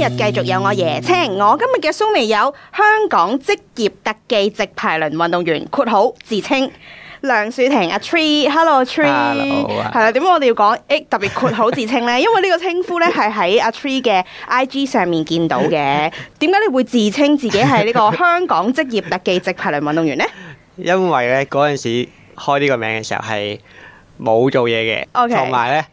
今日繼續有我椰青，我今日嘅蘇迷有香港職業特技直排輪運動員（括號自稱）梁澍霆阿 Tree，Hello Tree，Hello 係啦。點解 Hello. 我哋要講、欸、特別括號自稱呢？因為個稱呢個稱呼咧係喺阿 Tree 嘅 IG 上面見到嘅。點解你會自稱自己係呢個香港職業特技直排輪運動員呢？ 因為咧嗰陣時開呢個名嘅時候係冇做嘢嘅，同埋咧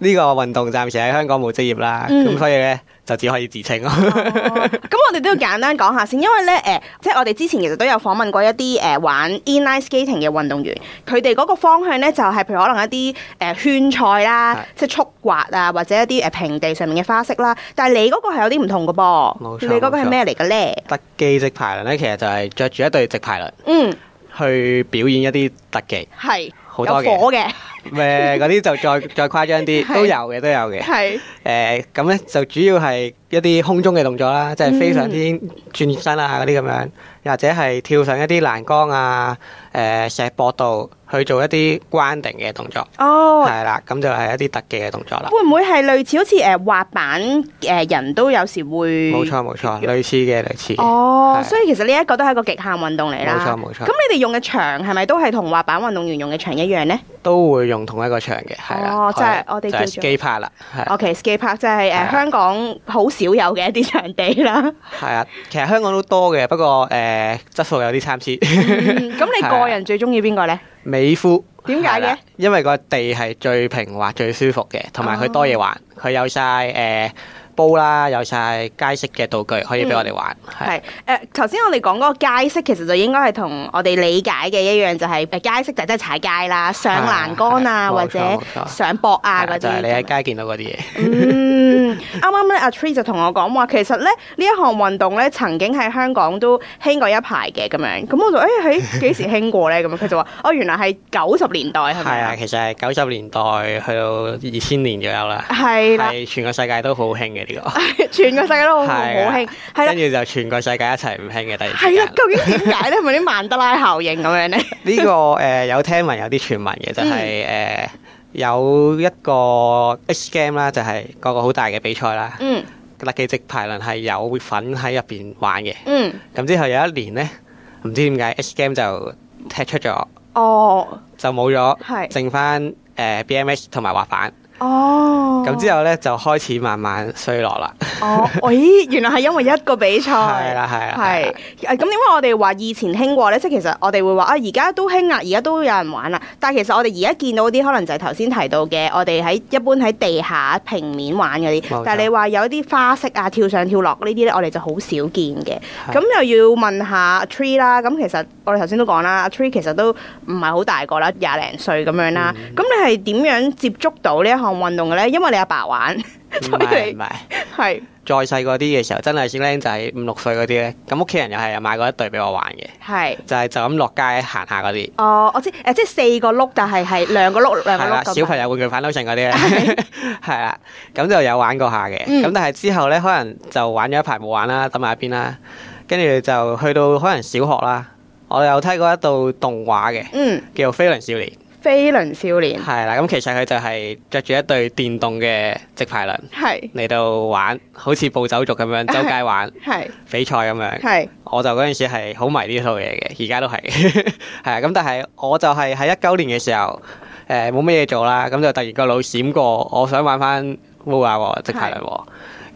呢、這個運動暫時喺香港冇職業啦，咁、嗯、所以咧。就只可以自稱咯。咁、 哦、我哋都要簡單講下先，因為咧誒、呃，即係我哋之前其實都有訪問過一啲誒、呃、玩 inline skating 嘅運動員，佢哋嗰個方向咧就係、是、譬如可能一啲誒、呃、圈賽啦，是即係速滑啊，或者一啲誒、呃、平地上面嘅花式啦。但係你嗰個係有啲唔同嘅噃，錯你嗰個係咩嚟嘅咧？特技直排輪咧，其實就係着住一對直排輪，嗯，去表演一啲特技係。好多嘅，誒嗰啲就再再誇張啲，都有嘅都有嘅，係誒咁咧就主要係一啲空中嘅動作啦，即係飛上天轉身啊嗰啲咁樣，或者係跳上一啲欄杆啊、誒石壆度。去做一啲關定嘅動作，哦，係啦，咁就係一啲特技嘅動作啦。會唔會係類似好似誒滑板嘅人都有時會？冇錯冇錯，類似嘅類似。哦，的所以其實呢一個都係一個極限運動嚟啦。冇錯冇錯。咁你哋用嘅牆係咪都係同滑板運動員用嘅牆一樣呢？都會用同一個場嘅，係啊、哦，就係 skate park 啦，係。O.K. k skate park 就係誒香港好少有嘅一啲場地啦。係啊的， 其實香港都多嘅，不過誒、呃、質素有啲參差。咁、嗯、 的你個人最鍾意邊個咧？美孚膚。點解嘅？因為個地係最平滑、最舒服嘅，同埋佢多嘢玩，佢、哦、有晒。誒、呃。煲啦，有晒街式嘅道具可以俾我哋玩。係誒，頭先我哋講嗰個街式其實就應該係同我哋理解嘅一樣，就係誒街式就即係踩街啦，上欄杆啊，或者上博啊嗰啲。就係你喺街見到嗰啲嘢。嗯，啱啱咧阿 Tree 就同我講話，其實咧呢一項運動咧曾經喺香港都興過一排嘅咁樣。咁我就誒喺幾時興過咧？咁樣佢就話哦，原來係九十年代係咪？係啊，其實係九十年代去到二千年左右啦。係係，全個世界都好興嘅。係全個世界都好興，係啦，跟住就全個世界一齊唔興嘅。第二係啊，究竟點解咧？係咪啲曼德拉效應咁樣咧？呢個誒有聽聞有啲傳聞嘅，就係誒有一個 X game，啦，就係個個好大嘅比賽啦。嗯，嗱，特技直排輪係有份喺入邊玩嘅。嗯，咁之後有一年咧，唔知點解 X game 就踢出咗，哦，就冇咗，係剩翻誒 BMS 同埋滑板。哦。咁、哦、之後咧，就開始慢慢衰落啦。哦，咦， 原來係因為一個比賽。係啦，係啦，係。咁點解我哋話以前興過咧？即係其實我哋會話啊，而家都興啦，而家都有人玩啦。但係其實我哋而家見到嗰啲，可能就係頭先提到嘅，我哋喺一般喺地下平面玩嗰啲。錯但係你話有一啲花式啊、跳上跳落呢啲咧，我哋就好少見嘅。咁的又要問下 Tree 啦。咁其實我哋頭先都講啦，Tree 其實都唔係好大個啦，廿零歲咁樣啦。咁、嗯、你係點樣接觸到呢一項運動嘅咧？因為你，阿爸玩，唔係唔係，係再細個啲嘅時候，真係小僆仔，五六歲嗰啲咧，咁屋企人又係有買過一對俾我玩嘅，係是就係就咁落街行下嗰啲。哦，uh, 我知誒、呃，即係四個碌，就是，但係係兩個碌，係啦， 小朋友玩具反斗城嗰啲咧，係啦的，咁 就有玩過下嘅，咁、嗯、但係之後咧，可能就玩咗一排冇玩啦，抌埋一邊啦，跟住就去到可能小學啦，我有睇過一道動畫嘅，嗯，叫做《飛輪少年》。 飛輪少年，係啦，咁其實佢就係着住一對電動嘅直排輪，係嚟到玩，的好似暴走族咁樣周街玩，係的比賽咁樣，係的我就嗰陣時係好迷呢套嘢嘅，而家都係，係 啊，咁但係我就係喺一九年嘅時候，誒冇乜嘢做啦，咁就突然個腦閃過，我想玩翻摩牙直排輪。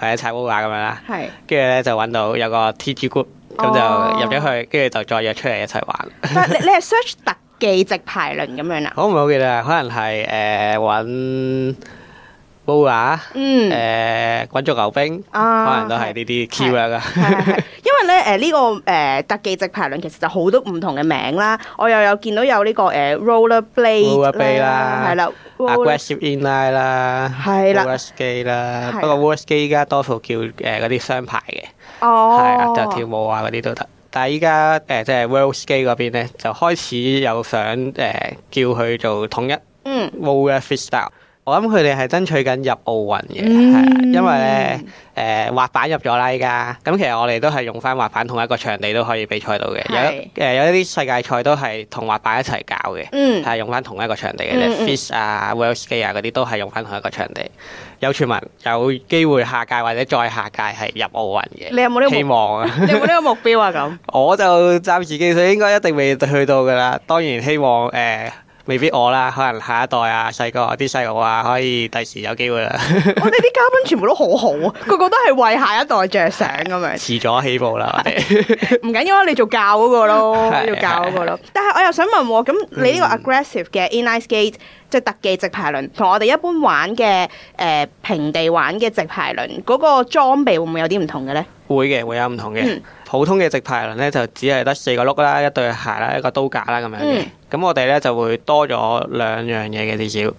係一踩烏瓦咁樣啦，跟住咧就揾到有個 TG group，咁就入咗去，跟住就再約出嚟一齊玩。但係你你係 search 特技直排輪咁樣啊？好唔好嘅？可能係誒揾烏瓦，嗯誒滾軸溜冰，可能都係呢啲 keyword 啊。咧，誒呢、這個誒、呃、特技直排輪其實就好多唔同嘅名啦，我又有見到有呢、這個誒、呃、roller blade, Roll、er、blade 啦，係啦，aggressive inline 啦，係啦，aggressive skate 啦，不過 roller skate 依家多數叫誒嗰啲雙排嘅，係、呃哦、啊，就跳舞啊嗰啲都得，但係依家誒即係 roller skate 嗰邊咧，就開始有想誒、呃、叫佢做統一，嗯 roller freestyle。我諗佢哋係爭取緊入奧運嘅，因為咧，誒滑板入咗啦依家。咁其實我哋都係用翻，滑板同一個場地都可以比賽到嘅。有誒有啲世界賽都係同滑板一齊搞嘅，係用翻同一個場地嘅。fish 啊，World Skate 啊嗰啲都係用翻同一個場地。有傳聞有機會下屆或者再下屆係入奧運嘅。你有冇呢個希望啊？有冇呢個目標啊？咁我就暫時記住應該一定未去到噶啦。當然希望誒。未必我啦，可能下一代啊，細個啲細路啊，可以第時有機會啦。我哋啲嘉賓全部都好好。啊，個個都係為下一代着想咁樣。遲咗 起步啦，我哋唔緊要啊，你做教嗰個咯，做 教嗰個咯。 但係我又想問喎，咁你呢個 aggressive 嘅 inline skate 即係特技直排輪，同我哋一般玩嘅誒平地玩嘅直排輪嗰個裝備會唔會有啲唔同嘅咧？會嘅，會有唔同嘅。普通嘅直排輪咧就只係得四個轆啦、一對鞋啦、一個刀架啦咁樣嘅。咁我哋咧就會多咗兩樣嘢嘅至少。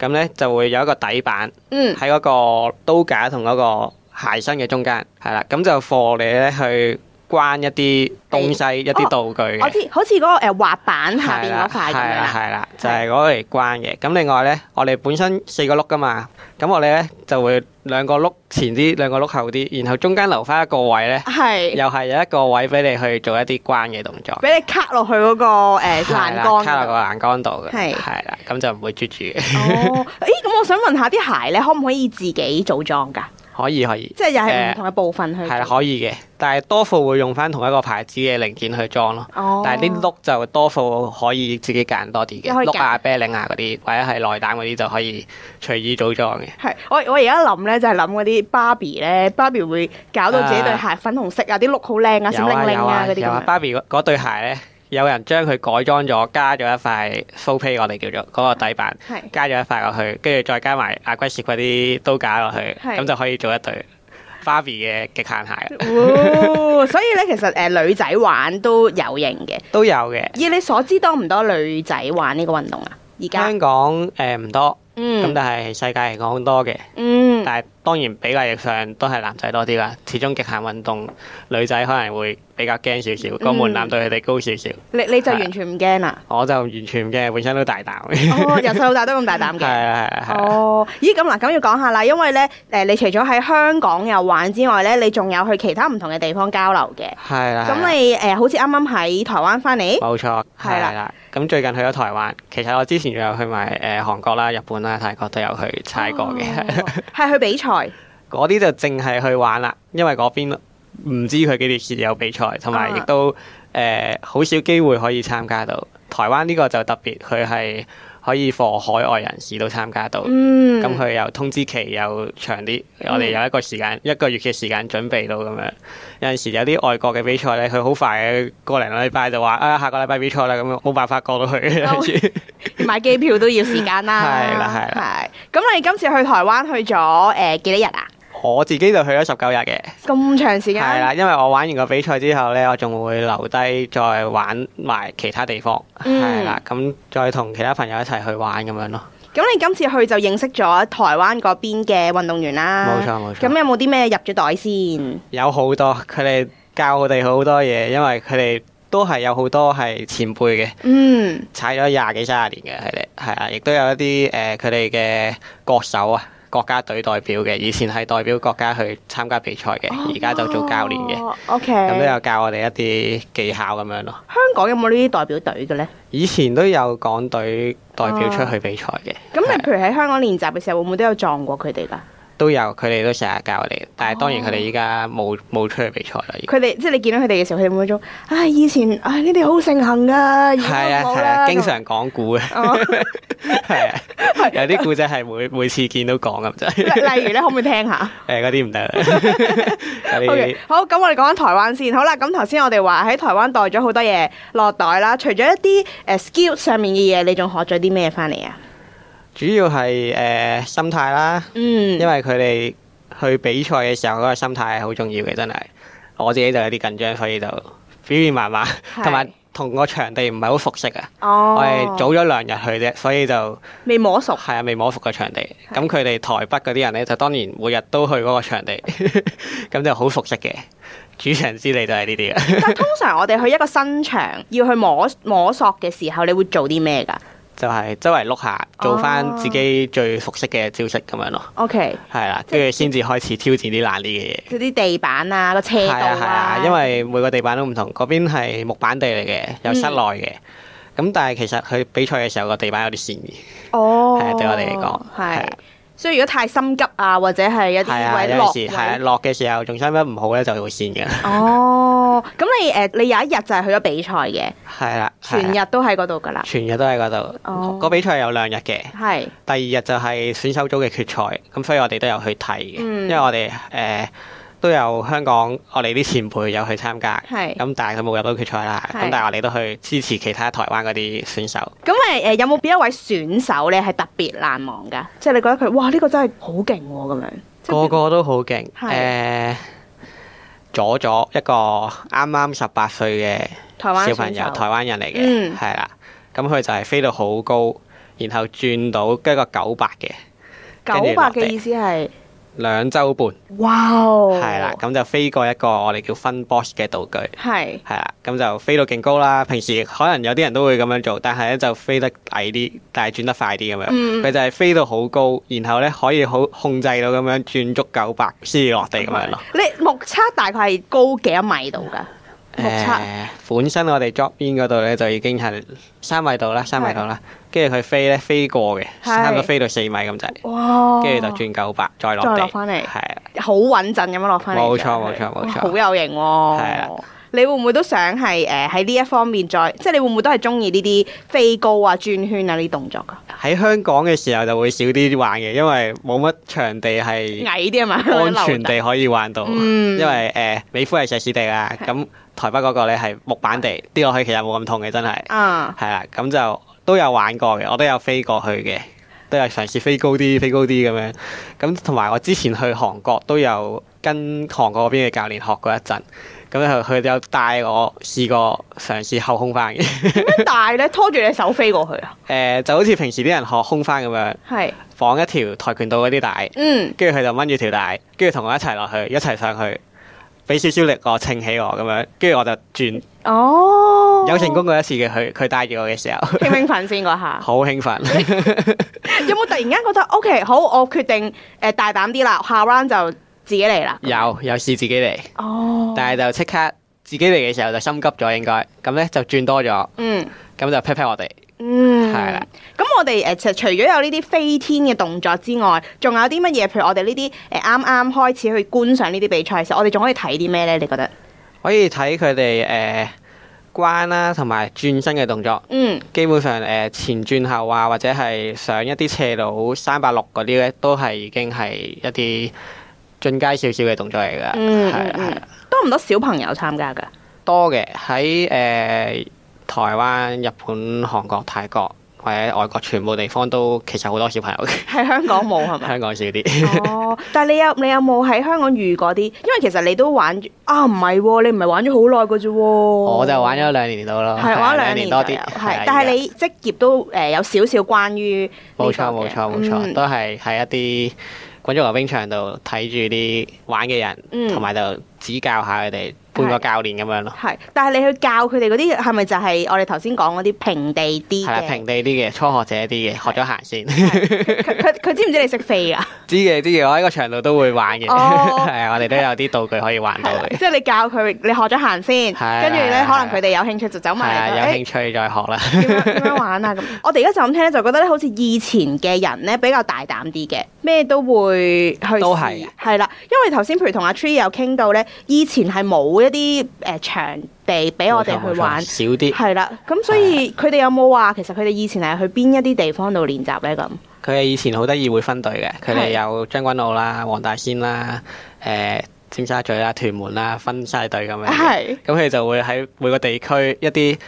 咁咧就會有一個底板喺嗰個刀架同嗰個鞋身嘅中間，係啦。咁就放你咧去。關一啲東西，一啲道具好似好似嗰個誒滑板下邊嗰塊咁啦，係啦了，是就係嗰嚟關嘅。咁另外咧，我哋本身四個碌噶嘛，咁我哋咧就會兩個碌前啲，兩個碌後啲，然後中間留翻一個位咧，是又係有一個位俾你去做一啲關嘅動作，俾你卡落去嗰、那個誒欄杆，卡、嗯、落了是個欄杆度嘅，係係啦，咁就唔會啜住。嘅、哦。誒，咁、嗯、 我想問下啲鞋咧，可唔可以自己組裝噶？可以可以，可以即係又係唔同嘅部分去。係啦、呃，可以嘅，但係多數會用翻同一個牌子嘅零件去裝咯。哦，但係啲碌就多數可以自己揀多啲嘅，碌啊、啤令啊嗰啲，或者係內膽嗰啲就可以隨意組裝嘅。係，我我而家諗咧，就係諗嗰啲芭比咧，芭比會搞到自己對鞋粉紅色啊，啲碌好靚啊，閃令令啊嗰啲咁。芭比嗰嗰對鞋咧。有人將佢改裝咗，加咗一塊 full 皮，我哋叫做嗰個底板，加咗一塊落去，跟住再加埋阿貴、蝨貴啲刀架落去，咁是就可以做一對 Barbie 嘅極限鞋、 哦。所以咧，其實誒、呃、女仔玩都有型嘅，都有嘅。以你所知多唔多女仔玩呢個運動啊？而家香港誒唔、呃、多，咁、嗯、但係世界嚟講多嘅。嗯，但係當然比例上都係男仔多啲啦。始終極限運動女仔可能會。比較驚少少，個、嗯、門檻對佢哋高少少。你你就完全唔驚啦？我就完全唔驚，本身都大膽嘅、 哦。由細到大都咁大膽嘅。係啊係啊係啊。啊哦，咦咁嗱，咁要講下啦，因為咧誒、呃，你除咗喺香港又玩之外咧，你仲有去其他唔同嘅地方交流嘅。係啦、啊。咁、啊、你誒、呃，好似啱啱喺台灣翻嚟。冇錯。係啦、啊。咁、啊、最近去咗台灣，其實我之前仲有去埋誒韓國啦，啦、日本啦、泰國都有去猜過嘅。係、哦啊、去比賽。嗰啲 就淨係去玩啦，因為嗰邊。唔知佢幾時有比賽，同埋亦都誒好、呃、少機會可以參加到。台灣呢個就特別，佢係可以俾海外人士都參加到。嗯，咁佢又通知期又長啲，我哋有一個時間、嗯、一個月嘅時間準備到咁樣。有陣時有啲外國嘅比賽咧，佢好快嘅，個零個禮拜就話啊下個禮拜比賽啦，咁樣冇辦法過到去。哦、 買機票都要時間啦。係啦係。係，咁你今次去台灣去咗誒、呃、幾多日啊？我自己就去咗十九日嘅。咁長時間？係啦。因為我玩完個比賽之後咧，我仲會留低再玩埋其他地方，係啦。咁再同其他朋友一齊去玩咁樣咯。咁你今次去就認識咗台灣嗰邊嘅運動員啦，冇錯冇錯。咁有冇啲咩入咗袋先？有好多，佢哋教我哋好多嘢，因為佢哋都係有好多係前輩嘅，嗯，踩咗廿幾卅年嘅係咧，係啊，亦都有一啲誒，佢哋嘅國手啊。國家隊代表嘅，以前係代表國家去參加比賽嘅，而家、哦、就做教練嘅。OK，咁都有教我哋一啲技巧咁樣咯。香港有冇呢啲代表隊嘅呢？以前都有港隊代表出去比賽嘅。咁、哦、你譬如喺香港是練習嘅時候，會唔會都有撞過佢哋噶？都有，佢哋都成日教我哋，但係當然佢哋依家冇冇出去比賽啦。佢哋即係你見到佢哋嘅時候，佢哋會做。唉，以前唉，你哋好盛行噶。係啊係啊，經常講古嘅。係啊，有啲古仔係每每次見都講咁滯。例如咧，可唔可以聽下？誒，嗰啲唔得啦。OK，好，咁我哋講翻台灣先。好啦，咁頭先我哋話喺台灣帶咗好多嘢落袋啦，除咗一啲誒 skill 上面嘅嘢，你仲學咗啲咩翻嚟啊？主要係誒、呃、心態啦，嗯、因為佢哋去比賽嘅時候嗰個心態係好重要嘅，真係我自己就有啲緊張，所以就表面麻麻，同埋是同個場地唔係好熟悉啊。哦、我係早咗兩日去啫，所以就未摸熟。係啊，未摸熟是個場地。咁佢哋台北嗰啲人咧，就當然每日都去嗰個場地，咁就好熟悉嘅。主場之地就係呢啲嘅。但咁通常我哋去一個新場要去摸摸索嘅時候，你會做啲咩㗎？就係周圍碌下，做翻自己最熟悉嘅招式咁樣咯。OK，係啦，跟住先至開始挑戰啲難啲嘅嘢。嗰啲地板啊，個斜度啊，啊，因為每個地板都唔同。嗰邊係木板地嚟嘅，有室內嘅。咁、嗯、但係其實佢比賽嘅時候個地板有啲跣嘅。哦，係對我哋嚟講係。所以如果太心急啊，或者係有啲鬼落，落嘅時候仲想乜唔好咧，就會跣嘅。哦、oh, 咁你誒你有一日就係去咗比賽嘅。係啦。全日都喺嗰度噶啦，全日都喺嗰度。哦，個比賽有兩日嘅，係。第二日就係選手組嘅決賽，咁所以我哋都有去睇嘅。嗯，因為我哋誒都有香港我哋啲前輩有去參加，係。咁但係佢冇入到決賽啦。係。咁但係我哋都去支持其他台灣嗰啲選手。咁誒，誒有冇邊一位選手咧係特別難忘噶？即係你覺得佢，哇呢個真係好勁咁樣。個個都好勁。係。呃阻咗一個啱啱十八歲嘅小朋友，台灣，台灣人嚟嘅，係啦，嗯，咁佢就係飛到好高，然後轉到跟一個九百嘅，九百嘅意思係。兩週半，哇！係啦，咁就飛過一個我哋叫 fun box 嘅道具，係係啦，咁就飛到勁高啦。平時可能有啲人都會咁樣做，但係咧就飛得矮啲，但係轉得快啲咁樣。佢就係飛到好高，然後咧可以好控制到咁樣轉足九百先至落地咁樣咯。你目測大概係高幾多米度噶？目測，誒，本身我哋側邊嗰度咧就已經係三米度啦，三米度啦。跟住佢飛咧，飛過嘅，差唔多飛到四米咁就，哇！跟住就轉九百，再落地，翻嚟，係啊，好穩陣咁樣落翻嚟，冇錯冇錯冇錯，好有型喎。係啊，你會唔會都想係誒喺呢一方面再，即係你會唔會都係中意呢啲飛高啊、轉圈啊呢啲動作噶？喺香港嘅時候就會少啲玩嘅，因為冇乜場地係矮啲啊嘛，安全地可以玩到。因為誒，美孚係石屎地啊，咁台北嗰個咧係木板地，跌落去其實冇咁痛嘅，真係。啊，係啦，咁就。都有玩過嘅，我都有飛過去嘅，都有嘗試飛高啲，飛高啲咁樣。咁同埋我之前去韓國都有跟韓國嗰邊嘅教練學過一陣，咁佢佢有帶我試過嘗試後空翻嘅。咩帶咧？拖住隻手飛過去啊？誒、 呃，就好似平時啲人學空翻咁樣，係是綁一條跆拳道嗰啲帶，嗯，跟住佢就掹住條帶，跟住同我一齊落去，一齊上去，俾少少力我撐起我咁樣，跟住我就轉。哦。有成功過一次嘅，佢佢帶住我嘅時候，興唔興奮先？嗰下，好 興奮 奮。 有冇突然間覺得 ，OK，好，我決定誒大膽啲啦，下 round 就自己嚟啦。有有試自己嚟，哦、oh.，但係就即刻自己嚟嘅時候就心急咗，應該咁咧就轉多咗。嗯，咁就劈劈我哋。嗯，係啦了。咁我哋誒、呃，除咗有呢啲飛天嘅動作之外，仲有啲乜嘢？譬如我哋呢啲誒，啱、呃、啱開始去觀賞呢啲比賽嘅時候，我哋仲可以睇啲咩咧？你覺得？可以睇佢哋誒。呃關啦，同埋轉身嘅動作，嗯，基本上誒、呃、前轉後啊，或者係上一啲斜路三百六嗰啲咧，都係已經係一啲進階少少嘅動作嚟㗎，係係、嗯、多唔多小朋友參加㗎？多嘅，喺誒台灣、日本、韓國、泰國。或者外國全部地方都其實好多小朋友嘅，喺香港冇係嘛？ 香港少啲。哦，但係你有你有冇喺香港遇過啲？因為其實你都玩啊，唔係喎，你唔係玩咗好耐嘅啫喎。我就玩咗兩年到咯，係玩兩年多啲。係，但係你職業都誒有少少關於。冇錯冇錯冇錯，錯錯嗯、都係喺一啲滾軸滑冰場度睇住啲玩嘅人，同埋、嗯、就指教下佢哋。半個教練咁樣咯，係，但係你去教佢哋嗰啲，係咪就係我哋頭先講嗰啲平地啲嘅？係啦，平地啲嘅，初學者啲嘅，學咗行先。佢知唔知你識飛啊？知嘅，知嘅，我喺個場度都會玩嘅，係啊，我哋都有啲道具可以玩到嘅。即係你教佢，你學咗行先，跟住咧，可能佢哋有興趣就走埋嚟，有興趣再學啦。點樣點樣玩啊？咁我哋而家就咁聽，就覺得咧，好似以前嘅人咧，比較大膽啲嘅。咩都會去，都係是啦，因為頭先譬如同阿 Tree 有傾到咧，以前係冇一啲誒場地俾我哋去玩，少啲係啦。咁所以佢哋的有冇話其實佢哋以前係去邊一啲地方度練習咧？咁佢哋以前好得意會分隊嘅，佢哋有將軍澳啦、黃大仙啦、誒的、呃、尖沙咀啦、屯門啦，分晒隊咁樣。係，咁佢哋就會喺每個地區一啲誒，佢、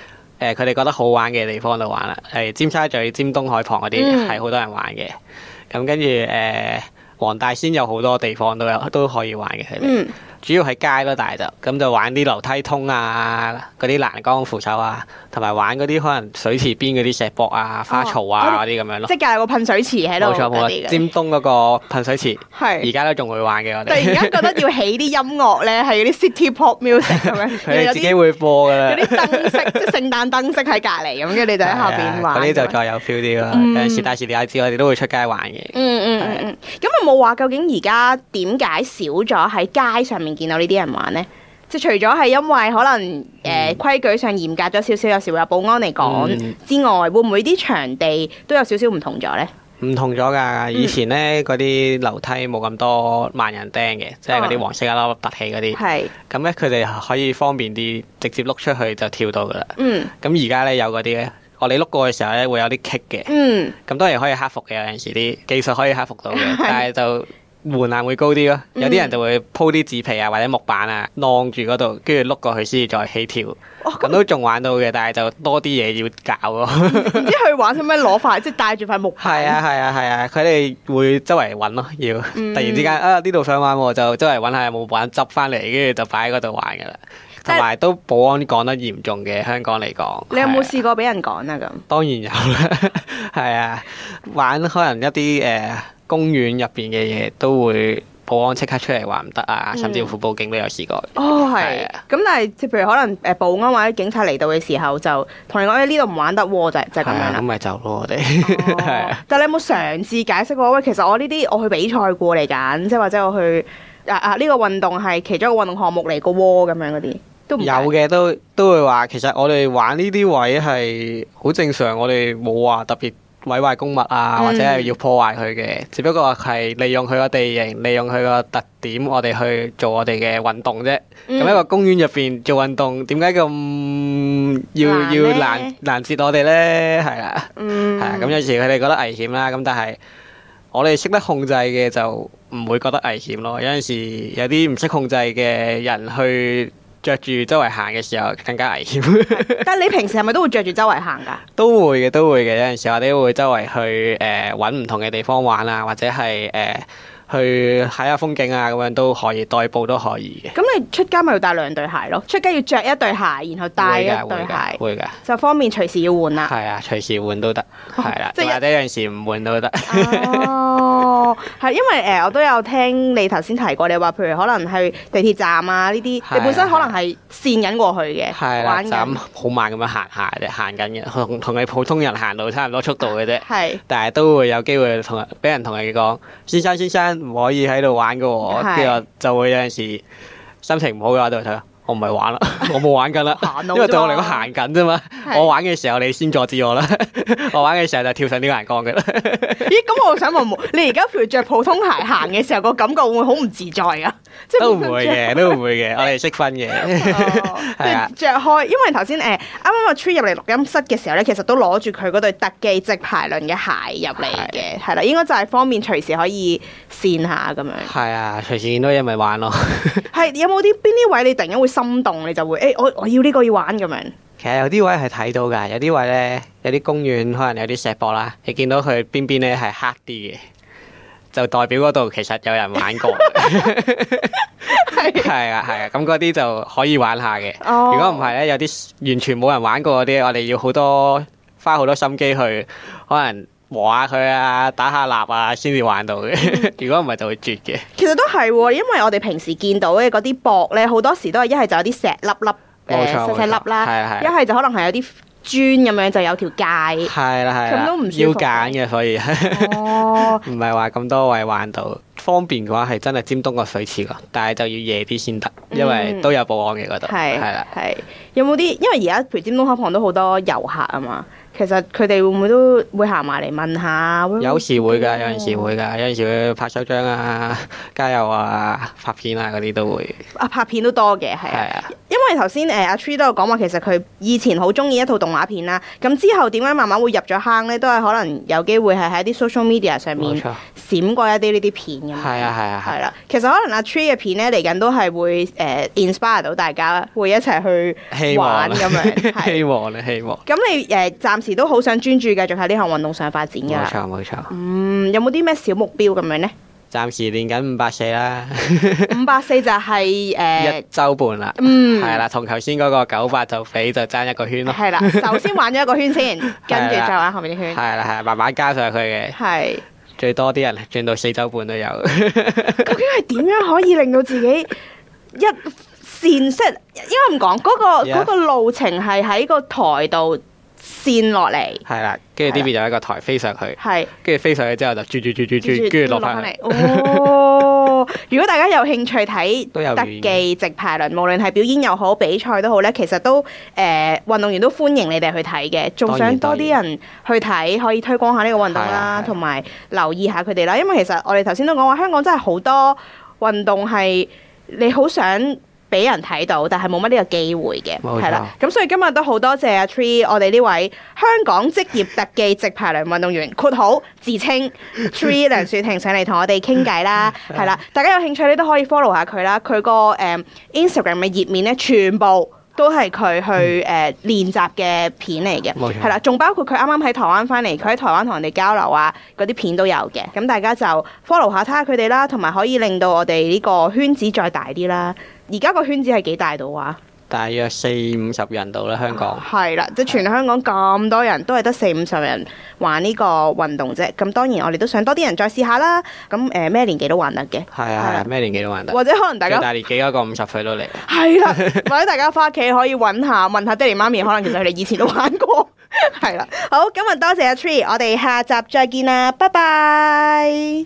呃、哋覺得好玩嘅地方度玩啦。係尖沙咀、尖東海旁嗰啲係好多人玩嘅。嗯嗯咁跟住，誒、呃，黃大仙有好多地方都有，都可以玩嘅，係咪？嗯。主要係街咯，但就咁就玩啲樓梯通啊，嗰啲欄杆扶手啊，同埋玩嗰啲可能水池邊嗰啲石壆啊、花槽啊嗰啲咁樣咯。即係有個噴水池喺度，冇錯冇錯。尖東嗰個噴水池，係而家都仲會玩嘅我哋。突然間覺得要起啲音樂咧，係嗰啲 city pop music 咁樣，佢哋自己會播㗎啦。嗰啲燈飾，即係聖誕燈飾喺隔籬咁，跟住你就喺下邊玩。嗰啲就再有 feel 啲啦，時帶時帶之，我哋都會出街玩嘅。嗯嗯嗯，咁啊冇話究竟而家點解少咗喺街上面。見到呢啲人玩呢，即係除咗係因為可能誒規矩上嚴格咗少少，有時會有保安嚟講、嗯、之外，會唔會啲場地都有少少唔同咗呢？唔同咗噶，以前呢，嗰啲樓梯冇咁多萬人釘嘅，即係嗰啲黃色嗰粒凸起嗰啲，係咁呢，佢哋可以方便啲直接碌出去就跳到噶啦。嗯，咁而家呢，有嗰啲呢，我哋碌過嘅時候呢，會有啲棘嘅，嗯，咁當然可以克服嘅，有陣時啲技術可以克服到嘅，但係就。 門檻會高啲咯，有啲人就會鋪啲紙皮啊或者木板啊，晾住嗰度，跟住碌過去先至再起跳，咁、哦、都仲玩到嘅，但係就多啲嘢要搞咯。唔知佢玩啲咩攞塊，即係帶住塊木板。係啊係啊係啊，佢哋、啊啊、會周圍搵咯，要突然之間、嗯、啊呢度想玩，就周圍搵下有冇玩執翻嚟，跟住就擺喺嗰度玩噶啦。同埋都保安講得嚴重嘅，香港嚟講，啊、你有冇試過俾人講啊咁、啊？當然有啦，係 啊，玩可能一啲誒。呃公園入邊嘅嘢都會保安即刻出嚟話唔得啊，甚至乎報警都有試過。哦，係啊。咁但係，即係譬如可能誒保安或者警察嚟到嘅時候，就同你講喺呢度唔玩得，就係咁樣啦。咁咪走咯，我哋。但係你有冇嘗試解釋過？喂，其實我呢啲我去比賽過嚟緊，即係或者我去啊啊呢個運動係其中一個運動項目嚟個喎，咁樣嗰啲都。有嘅都都會話，其實我哋玩呢啲位係好正常，我哋冇話特別。毀壞公物啊，或者係要破壞佢嘅，嗯、只不過係利用佢個地形，利用佢個特點，我哋去做我哋嘅運動啫。咁、嗯、一個公園入邊做運動，點解咁要難呢要難難折我哋呢？係啊，係、嗯、啊。咁有時佢哋覺得危險啦，咁但係我哋識得控制嘅就唔會覺得危險咯。有陣時有啲唔識控制嘅人去。着住周圍行嘅時候更加危險。但係你平時係咪都會着住周圍行噶？ 都會嘅，都會嘅。有陣時我哋會周圍去誒搵唔同嘅地方玩啊，或者係誒。呃去睇下風景啊，咁樣都可以，代步都可以嘅。咁你出街咪要帶兩對鞋咯？出街要着一對鞋，然後帶一對鞋，會嘅，就方便隨時要換啦。係啊，隨時換都得，係啦，即係或者有陣時唔換都得。哦，係因為誒，我都有聽你頭先提過，你話譬如可能去地鐵站啊呢啲，你本身可能係線緊過去嘅，玩緊好慢咁樣行下，行緊嘅，同同你普通人行路差唔多速度嘅啫。係，但係都會有機會同俾人同你講，先生先生。唔可以喺度玩噶。嘅是，跟住就會有陣時心情唔好嘅話就會睇下。我唔係玩啦，我冇玩㗎啦，因為我對我嚟講行緊啫嘛。我玩嘅時候你先阻止我啦。 我玩嘅時候就跳上呢個欄杆嘅啦。咦？咁我想問，你而家譬如着普通鞋行嘅時候，個感覺會好唔自在噶？啊？ 都唔會嘅，都唔會嘅，我哋識分嘅，係着開，因為頭先誒，啱啱阿 Tree 入嚟錄音室嘅時候咧，其實都攞住佢嗰對特技直排輪嘅鞋入嚟嘅。係啦，應該就係方便隨時可以跣下咁樣。係啊，隨時見到嘢咪玩咯。係，有冇啲邊啲位你突然間會？心動你就會誒，我我要呢個要玩咁樣。其實有啲位係睇到噶，有啲位呢，有啲公園可能有啲石壆啦，你見到佢邊邊呢係黑啲嘅，就代表嗰度其實有人玩過。 係啊係啊，咁嗰啲就可以玩下嘅。如果唔係呢，有啲完全冇人玩過嗰啲，我哋要好多花好多心機去可能。磨下佢啊，打下蠟啊，先至玩到嘅。如果唔係，就會絕嘅。其實都係，因為我哋平時見到嘅嗰啲薄咧，好多時都係一係就有啲石粒粒，誒，細細粒啦。係係。一係就可能係有啲磚咁樣，就有條界。係啦係。咁都唔舒服。要揀嘅，所以。哦。唔係話咁多位玩到，方便嘅話係真係尖東個水池個，但係就要夜啲先得，因為都有保安嘅嗰度。係。係啦。係。有冇啲？因為而家譬如尖東海傍都好多遊客啊嘛。其實佢哋會唔會都會行埋嚟問下、啊？ 有時會㗎，illions 有陣時會㗎，有陣時會拍手掌啊、加油啊、拍片啊嗰啲都會。啊 拍片都多嘅，係啊。因為頭先誒阿 Tree 都有講話，其實佢以前好鍾意一套動畫片啦。咁之後點解慢慢會入咗坑咧？都係可能有機會係喺啲 social media 上面閃過一啲呢啲片咁。係啊，係啊，係 啦。其實可能阿 Tree 嘅片咧嚟緊都係會誒 inspire 到大家，會一齊去玩咁樣。希是望你希望。咁你誒暫時。都好想專注繼續喺呢項運動上發展㗎，冇錯冇錯。錯。嗯，有冇啲咩小目標咁樣呢？暫時練緊五百四啦。 五百四就係、是、誒、呃、一周半啦。嗯，係啦，同頭先嗰個九百就比就爭一個圈咯。係 啦，首先玩咗一個圈先， 的跟住就玩後面啲圈。係啦係，慢慢加上去嘅。係的。最多啲人轉到四周半都有。 究竟係點樣可以令到自己一線式？因為唔講嗰個、嗰個嗰個路程係喺個台度。線落嚟，係啦，跟住呢 i 有一個台飛上去，係了，跟住飛上去之後就轉轉轉轉轉，跟住落嚟。哦， 如果大家有興趣睇特 技直排輪，無論係表演又好，比賽都好呢，其實都誒運、呃、動員都歡迎你哋去睇嘅，仲想多啲人去睇，可以推廣下呢個運動啦，同埋留意下佢哋啦。因為其實我哋頭先都講話，香港真係好多運動係你好想。俾人睇到，但係冇乜呢個機會嘅，係啦錯。咁所以今日都好多謝阿 Tree，我哋呢位香港職業特技直排輪運動員 括號自稱 Tree 梁澍霆上嚟同我哋傾偈啦，係啦。 大家有興趣咧都可以 follow 下佢啦，佢個誒、um, Instagram 嘅頁面咧全部，都係佢去誒練習嘅片嚟嘅，係啦，仲包括佢啱啱喺台灣翻嚟，佢喺台灣同人哋交流啊，嗰啲片都有嘅。咁大家就 follow 下睇下佢哋啦，同埋可以令到我哋呢個圈子再大啲啦。而家個圈子係幾大到啊？大約四五十人到啦，香港係啦、啊，即全香港咁多人都係得四五十人玩呢個運動啫。咁當然我哋都想多啲人再試下啦。咁誒，咩、呃、年紀都玩得嘅，係啊係啊，咩的年紀都玩得。或者可能大家大年紀嗰個五十歲都嚟。係啦的， 或者大家返屋企可以揾下，問下爹哋媽咪，可能其實佢哋以前都玩過。係啦， 好，咁啊，多謝阿 Tree，我哋下集再見啦，拜拜。